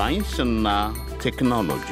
ሳይንስና ቴክኖሎጂ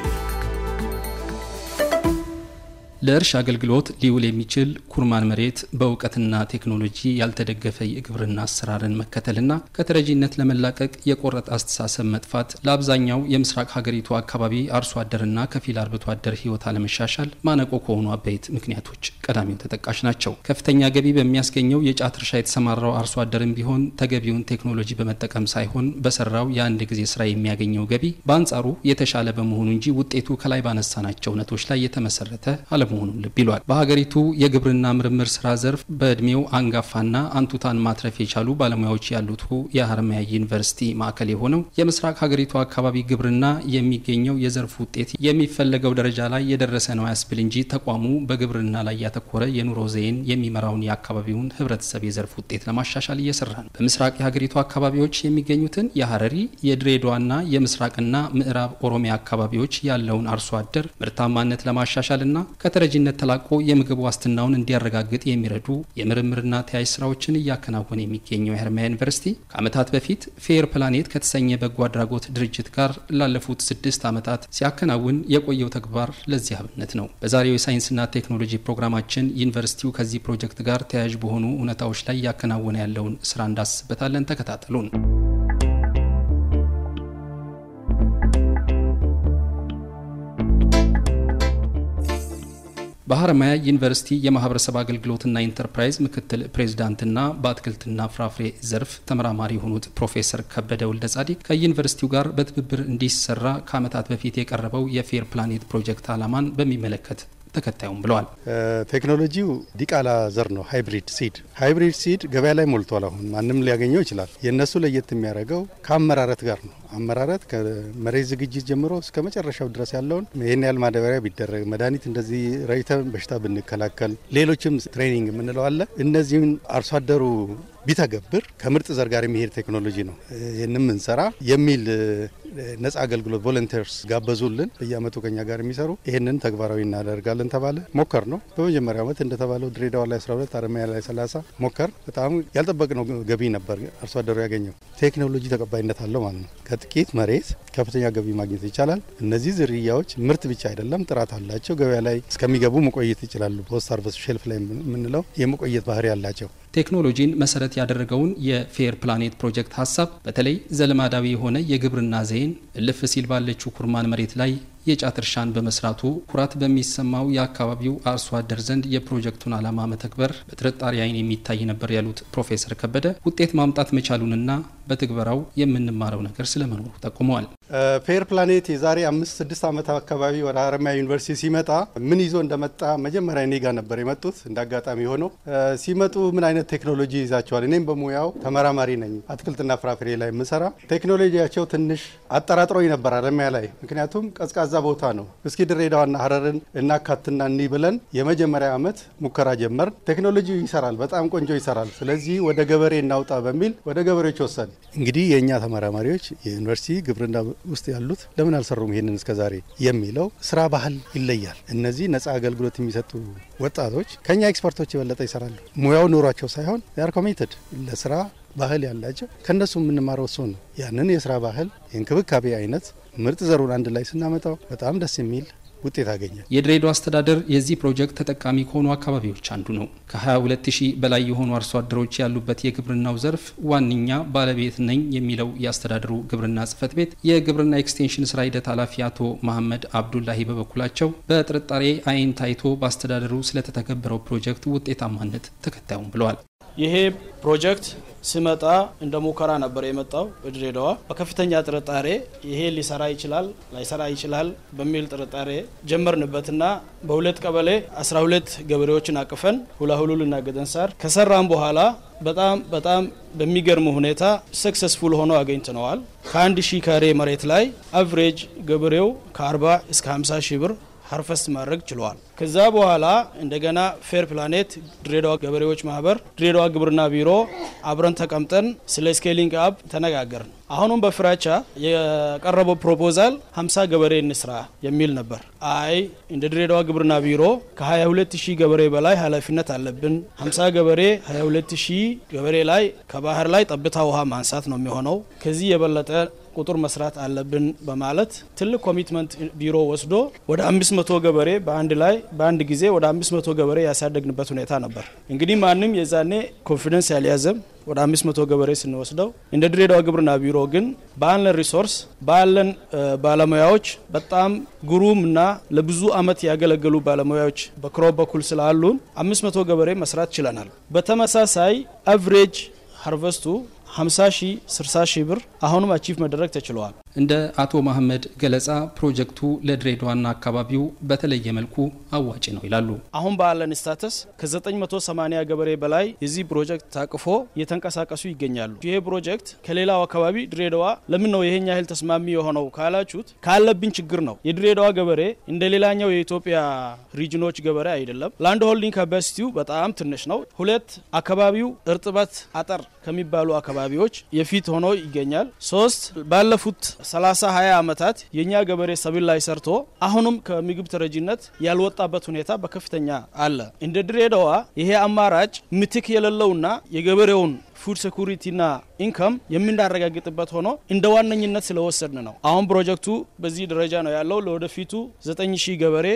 ለእርሻ አገልግሎት ሊውል የሚችል ኩርማን መሬት በእውቀትና ቴክኖሎጂ ያልተደገፈ የግብርና አሰራርን መከተልና ከተረጂነት ለመላቀቅ የቆረጠ አስተሳሰብ መጥፋት ለአብዛኛው የምስራቅ ሀገሪቱ አካባቢ አርሶ አደርና ከፊል አርብቶ አደር ህይወት አለመሻሻል ማነቆ ከሆኑ አበይት ምክንያቶች ቀዳሚው ተጠቃሽ ናቸው። ከፍተኛ ገቢ በሚያስገኘው የጫት እርሻ የተሰማራው አርሶ አደርም ቢሆን ተገቢውን ቴክኖሎጂ በመጠቀም ሳይሆን በሰራው የአንድ ጊዜ ስራ የሚያገኘው ገቢ በአንጻሩ የተሻለ በመሆኑ እንጂ ውጤቱ ከላይ ባነሳናቸው እውነቶች ላይ የተመሰረተ አለ መሆኑን ልብ ይሏል። በሀገሪቱ የግብርና ምርምር ስራ ዘርፍ በእድሜው አንጋፋና አንቱታን ማትረፍ የቻሉ ባለሙያዎች ያሉት የሀረማያ ዩኒቨርሲቲ ማዕከል የሆነው የምስራቅ ሀገሪቱ አካባቢ ግብርና የሚገኘው የዘርፍ ውጤት የሚፈለገው ደረጃ ላይ የደረሰ ነው ያስብል እንጂ ተቋሙ በግብርና ላይ ያተኮረ የኑሮ ዘይን የሚመራውን የአካባቢውን ህብረተሰብ የዘርፍ ውጤት ለማሻሻል እየሰራ ነው። በምስራቅ የሀገሪቱ አካባቢዎች የሚገኙትን የሀረሪ የድሬዳዋና የምስራቅና ምዕራብ ኦሮሚያ አካባቢዎች ያለውን አርሶ አደር ምርታማነት ለማሻሻል እና ከተ ከተረጂነት ተላቆ የምግብ ዋስትናውን እንዲያረጋግጥ የሚረዱ የምርምርና ተያያዥ ስራዎችን እያከናወነ የሚገኘው የሀረማያ ዩኒቨርሲቲ ከዓመታት በፊት ፌር ፕላኔት ከተሰኘ በጎ አድራጎት ድርጅት ጋር ላለፉት ስድስት ዓመታት ሲያከናውን የቆየው ተግባር ለዚህ አብነት ነው። በዛሬው የሳይንስና ቴክኖሎጂ ፕሮግራማችን ዩኒቨርሲቲው ከዚህ ፕሮጀክት ጋር ተያያዥ በሆኑ እውነታዎች ላይ እያከናወነ ያለውን ስራ እንዳስበታለን። ተከታተሉን። በሀረማያ ዩኒቨርሲቲ የማህበረሰብ አገልግሎትና ኢንተርፕራይዝ ምክትል ፕሬዚዳንትና በአትክልትና ፍራፍሬ ዘርፍ ተመራማሪ የሆኑት ፕሮፌሰር ከበደ ወልደ ጻዲቅ ከዩኒቨርሲቲው ጋር በትብብር እንዲሰራ ከዓመታት በፊት የቀረበው የፌር ፕላኔት ፕሮጀክት ዓላማን በሚመለከት ተከታዩም ብለዋል። ቴክኖሎጂው ዲቃላ ዘር ነው፣ ሃይብሪድ ሲድ። ሃይብሪድ ሲድ ገበያ ላይ ሞልቷል። አሁን ማንም ሊያገኘው ይችላል። የእነሱ ለየት የሚያደርገው ከአመራረት ጋር ነው። አመራረት ከመሬት ዝግጅት ጀምሮ እስከ መጨረሻው ድረስ ያለውን ይህን ያህል ማዳበሪያ ቢደረግ፣ መድኃኒት እንደዚህ ረይተ በሽታ ብንከላከል፣ ሌሎችም ትሬኒንግ የምንለው አለ። እነዚህን አርሶ አደሩ ቢተገብር ከምርጥ ዘር ጋር የሚሄድ ቴክኖሎጂ ነው። ይህንም እንሰራ የሚል ነጻ አገልግሎት ቮለንተርስ ጋበዙልን። በየአመቱ ከኛ ጋር የሚሰሩ ይህንን ተግባራዊ እናደርጋለን ተባለ። ሞከር ነው። በመጀመሪያ ዓመት እንደተባለው ድሬዳዋ ላይ 12 አረሚያ ላይ 30 ሞከር። በጣም ያልጠበቅነው ገቢ ነበር አርሶ አደሩ ያገኘው። ቴክኖሎጂ ተቀባይነት አለው ማለት ነው። ከጥቂት መሬት ከፍተኛ ገቢ ማግኘት ይቻላል። እነዚህ ዝርያዎች ምርት ብቻ አይደለም፣ ጥራት አላቸው። ገበያ ላይ እስከሚገቡ መቆየት ይችላሉ። ፖስት ሃርቨስት ሼልፍ ላይ የምንለው የመቆየት ባህሪ አላቸው። ቴክኖሎጂን መሰረት ያደረገውን የፌር ፕላኔት ፕሮጀክት ሀሳብ በተለይ ዘለማዳዊ የሆነ የግብርና ዘይን እልፍ ሲል ባለችው ኩርማን መሬት ላይ የጫት እርሻን በመስራቱ ኩራት በሚሰማው የአካባቢው አርሶ አደር ዘንድ የፕሮጀክቱን ዓላማ መተግበር በጥርጣሬ አይን የሚታይ ነበር ያሉት ፕሮፌሰር ከበደ ውጤት ማምጣት መቻሉንና በትግበራው የምንማረው ነገር ስለመኖሩ ጠቁመዋል። ፌር ፕላኔት የዛሬ አምስት ስድስት ዓመት አካባቢ ወደ ሀረማያ ዩኒቨርሲቲ ሲመጣ ምን ይዞ እንደመጣ መጀመሪያ እኔ ጋር ነበር የመጡት። እንደ አጋጣሚ ሆነው ሲመጡ ምን አይነት ቴክኖሎጂ ይዛቸዋል። እኔም በሙያው ተመራማሪ ነኝ፣ አትክልትና ፍራፍሬ ላይ የምሰራ። ቴክኖሎጂያቸው ትንሽ አጠራጥሮኝ ነበር ሀረማያ ላይ፣ ምክንያቱም ቀዝቃዛ ቦታ ነው። እስኪ ድሬዳዋና ሀረርን እናካትና እኒ ብለን የመጀመሪያ ዓመት ሙከራ ጀመር። ቴክኖሎጂ ይሰራል፣ በጣም ቆንጆ ይሰራል። ስለዚህ ወደ ገበሬ እናውጣ በሚል ወደ ገበሬዎች ወሰን እንግዲህ የእኛ ተመራማሪዎች የዩኒቨርሲቲ ግብርና ውስጥ ያሉት ለምን አልሰሩም ይህንን እስከዛሬ የሚለው ስራ ባህል ይለያል። እነዚህ ነጻ አገልግሎት የሚሰጡ ወጣቶች ከኛ ኤክስፐርቶች የበለጠ ይሰራሉ። ሙያው ኖሯቸው ሳይሆን ያር ኮሚትድ ለስራ ባህል ያላቸው ከእነሱ የምንማረው እሱ ነው። ያንን የስራ ባህል የእንክብካቤ አይነት ምርጥ ዘሩን አንድ ላይ ስናመጣው በጣም ደስ የሚል ውጤት አገኘ። የድሬዳዋ አስተዳደር የዚህ ፕሮጀክት ተጠቃሚ ከሆኑ አካባቢዎች አንዱ ነው። ከ22 ሺህ በላይ የሆኑ አርሶ አደሮች ያሉበት የግብርናው ዘርፍ ዋነኛ ባለቤት ነኝ የሚለው የአስተዳደሩ ግብርና ጽህፈት ቤት የግብርና ኤክስቴንሽን ስራ ሂደት ኃላፊ አቶ መሐመድ አብዱላሂ በበኩላቸው በጥርጣሬ አይን ታይቶ በአስተዳደሩ ስለተተገበረው ፕሮጀክት ውጤታማነት ተከታዩም ብለዋል። ይሄ ፕሮጀክት ስመጣ እንደ ሙከራ ነበር የመጣው በድሬዳዋ በከፍተኛ ጥርጣሬ ይሄ ሊሰራ ይችላል ላይሰራ ይችላል በሚል ጥርጣሬ ጀመርንበትና በሁለት ቀበሌ 12 ገበሬዎችን አቅፈን ሁላሁሉልና ገደንሳር ከሰራም በኋላ በጣም በጣም በሚገርም ሁኔታ ሰክሰስፉል ሆኖ አገኝተነዋል። ከአንድ ሺህ ካሬ መሬት ላይ አቨሬጅ ገበሬው ከ40 እስከ 50 ሺህ ብር ሀርፈስት ማድረግ ችለዋል። ከዛ በኋላ እንደገና ፌር ፕላኔት ድሬዳዋ ገበሬዎች ማህበር፣ ድሬዳዋ ግብርና ቢሮ አብረን ተቀምጠን ስለ ስኬሊንግ አፕ ተነጋገርን። አሁኑም በፍራቻ የቀረበው ፕሮፖዛል 50 ገበሬ እንስራ የሚል ነበር። አይ እንደ ድሬዳዋ ግብርና ቢሮ ከ22000 ገበሬ በላይ ኃላፊነት አለብን። 50 ገበሬ 22000 ገበሬ ላይ ከባህር ላይ ጠብታ ውሃ ማንሳት ነው የሚሆነው። ከዚህ የበለጠ ቁጥር መስራት አለብን በማለት ትልቅ ኮሚትመንት ቢሮ ወስዶ ወደ መቶ ገበሬ በአንድ ላይ በአንድ ጊዜ ወደ አምስት መቶ ገበሬ ያሳደግንበት ሁኔታ ነበር። እንግዲህ ማንም የዛኔ ኮንፊደንስ ያልያዘም ወደ መቶ ገበሬ ስንወስደው እንደ ድሬዳዋ ግብርና ቢሮ ግን ባለን ሪሶርስ ባለን ባለሙያዎች በጣም ግሩም እና ለብዙ አመት ያገለገሉ ባለሙያዎች በክሮ በኩል ስላሉን መቶ ገበሬ መስራት ችለናል። በተመሳሳይ አቨሬጅ ሀርቨስቱ 50 ሺህ 60 ሺህ ብር አሁንም አቺፍ መደረግ ተችለዋል። እንደ አቶ መሀመድ ገለጻ ፕሮጀክቱ ለድሬዳዋና አካባቢው በተለየ መልኩ አዋጭ ነው ይላሉ። አሁን ባለን ስታተስ ከ980 ገበሬ በላይ የዚህ ፕሮጀክት ታቅፎ እየተንቀሳቀሱ ይገኛሉ። ይሄ ፕሮጀክት ከሌላው አካባቢ ድሬዳዋ ለምን ነው ይሄን ያህል ተስማሚ የሆነው ካላችሁት ካለብን ችግር ነው። የድሬዳዋ ገበሬ እንደ ሌላኛው የኢትዮጵያ ሪጅኖች ገበሬ አይደለም። ላንድ ሆልዲንግ ካፓሲቲው በጣም ትንሽ ነው። ሁለት አካባቢው እርጥበት አጠር ከሚባሉ አካባቢዎች የፊት ሆኖ ይገኛል። ሶስት ባለፉት 30 20 ዓመታት የእኛ ገበሬ ሰብል ላይ ሰርቶ አሁንም ከምግብ ተረጂነት ያልወጣበት ሁኔታ በከፍተኛ አለ። እንደ ድሬዳዋ ይሄ አማራጭ ምትክ የሌለውና የገበሬውን ፉድ ሴኩሪቲና ኢንከም የምናረጋግጥበት ሆኖ እንደ ዋነኝነት ስለወሰድን ነው። አሁን ፕሮጀክቱ በዚህ ደረጃ ነው ያለው። ለወደፊቱ 9000 ገበሬ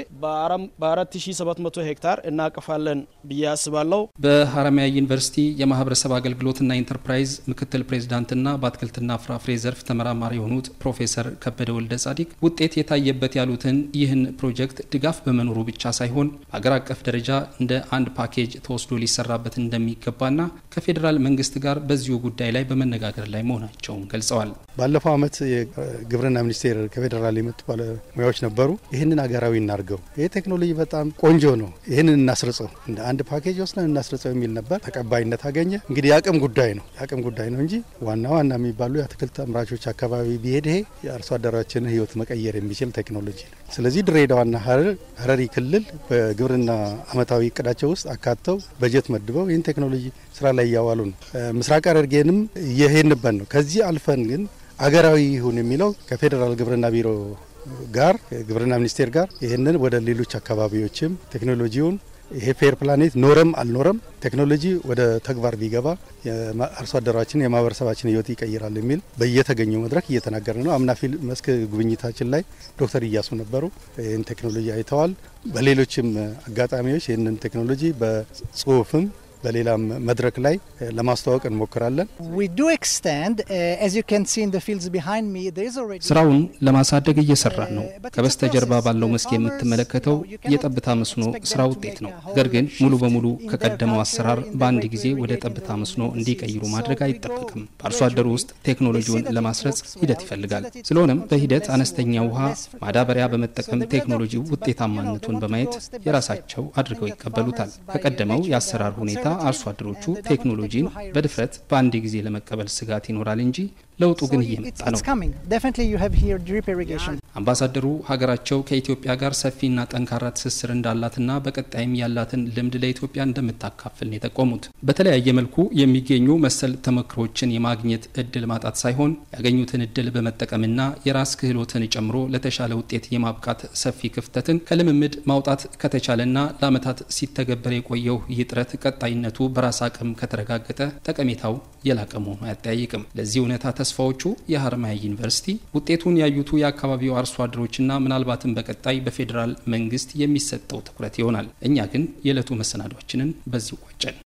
በ4700 ሄክታር እናቅፋለን ብዬ አስባለሁ። በሀረማያ ዩኒቨርሲቲ የማህበረሰብ አገልግሎትና ኢንተርፕራይዝ ምክትል ፕሬዚዳንትና በአትክልትና ፍራፍሬ ዘርፍ ተመራማሪ የሆኑት ፕሮፌሰር ከበደ ወልደ ጻዲቅ ውጤት የታየበት ያሉትን ይህን ፕሮጀክት ድጋፍ በመኖሩ ብቻ ሳይሆን በአገር አቀፍ ደረጃ እንደ አንድ ፓኬጅ ተወስዶ ሊሰራበት እንደሚገባና ከፌዴራል መንግስት ጋር በዚሁ ጉዳይ ላይ በመነጋገር ላይ መሆናቸውን ገልጸዋል። ባለፈው ዓመት የግብርና ሚኒስቴር ከፌዴራል የመጡ ባለሙያዎች ነበሩ። ይህንን አገራዊ እናርገው፣ ይህ ቴክኖሎጂ በጣም ቆንጆ ነው፣ ይህንን እናስርጸው፣ እንደ አንድ ፓኬጅ ወስነን እናስርጸው የሚል ነበር። ተቀባይነት አገኘ። እንግዲህ የአቅም ጉዳይ ነው፣ የአቅም ጉዳይ ነው እንጂ ዋና ዋና የሚባሉ የአትክልት አምራቾች አካባቢ ቢሄድ ይሄ የአርሶ አደራችንን ህይወት መቀየር የሚችል ቴክኖሎጂ ነው። ስለዚህ ድሬዳዋና ሀረሪ ክልል በግብርና ዓመታዊ እቅዳቸው ውስጥ አካተው በጀት መድበው ይህን ቴክኖሎጂ ስራ ላይ እያዋሉ ነው። ምስራቅ ሐረርጌንም እየሄድንበት ነው። ከዚህ አልፈን ግን አገራዊ ይሁን የሚለው ከፌዴራል ግብርና ቢሮ ጋር ግብርና ሚኒስቴር ጋር ይህንን ወደ ሌሎች አካባቢዎችም ቴክኖሎጂውን ይሄ ፌር ፕላኔት ኖረም አልኖረም ቴክኖሎጂ ወደ ተግባር ቢገባ አርሶ አደራችን የማህበረሰባችን ህይወት ይቀይራል የሚል በየተገኘው መድረክ እየተናገረ ነው። አምናፊ መስክ ጉብኝታችን ላይ ዶክተር እያሱ ነበሩ። ይህን ቴክኖሎጂ አይተዋል። በሌሎችም አጋጣሚዎች ይህንን ቴክኖሎጂ በጽሁፍም በሌላም መድረክ ላይ ለማስተዋወቅ እንሞክራለን። uh, ስራውን ለማሳደግ እየሰራን uh, ነው። ከበስተጀርባ ባለው መስክ የምትመለከተው የጠብታ መስኖ ስራ ውጤት ነው። ነገር ግን ሙሉ በሙሉ ከቀደመው አሰራር በአንድ ጊዜ ወደ ጠብታ መስኖ እንዲቀይሩ ማድረግ አይጠበቅም። በአርሶ አደሩ ውስጥ ቴክኖሎጂውን ለማስረጽ ሂደት ይፈልጋል። ስለሆነም በሂደት አነስተኛ ውሃ ማዳበሪያ በመጠቀም ቴክኖሎጂ ውጤታማነቱን በማየት የራሳቸው አድርገው ይቀበሉታል። ከቀደመው የአሰራር ሁኔታ አርሶ አደሮቹ ቴክኖሎጂን በድፍረት በአንድ ጊዜ ለመቀበል ስጋት ይኖራል እንጂ ለውጡ ግን እየመጣ ነው። አምባሳደሩ ሀገራቸው ከኢትዮጵያ ጋር ሰፊና ጠንካራ ትስስር እንዳላትና በቀጣይም ያላትን ልምድ ለኢትዮጵያ እንደምታካፍል ነው የጠቆሙት። በተለያየ መልኩ የሚገኙ መሰል ተሞክሮችን የማግኘት እድል ማጣት ሳይሆን ያገኙትን እድል በመጠቀምና የራስ ክህሎትን ጨምሮ ለተሻለ ውጤት የማብቃት ሰፊ ክፍተትን ከልምምድ ማውጣት ከተቻለና ለዓመታት ሲተገበር የቆየው ይህ ጥረት ቀጣይነቱ በራስ አቅም ከተረጋገጠ ጠቀሜታው የላቀ መሆኑ አያጠያይቅም። ለዚህ እውነታ ተስፋዎቹ የሀረማያ ዩኒቨርሲቲ ውጤቱን ያዩቱ የአካባቢው አርሶ አደሮችና ምናልባትም በቀጣይ በፌዴራል መንግስት የሚሰጠው ትኩረት ይሆናል። እኛ ግን የዕለቱ መሰናዷችንን በዚህ ቋጨን።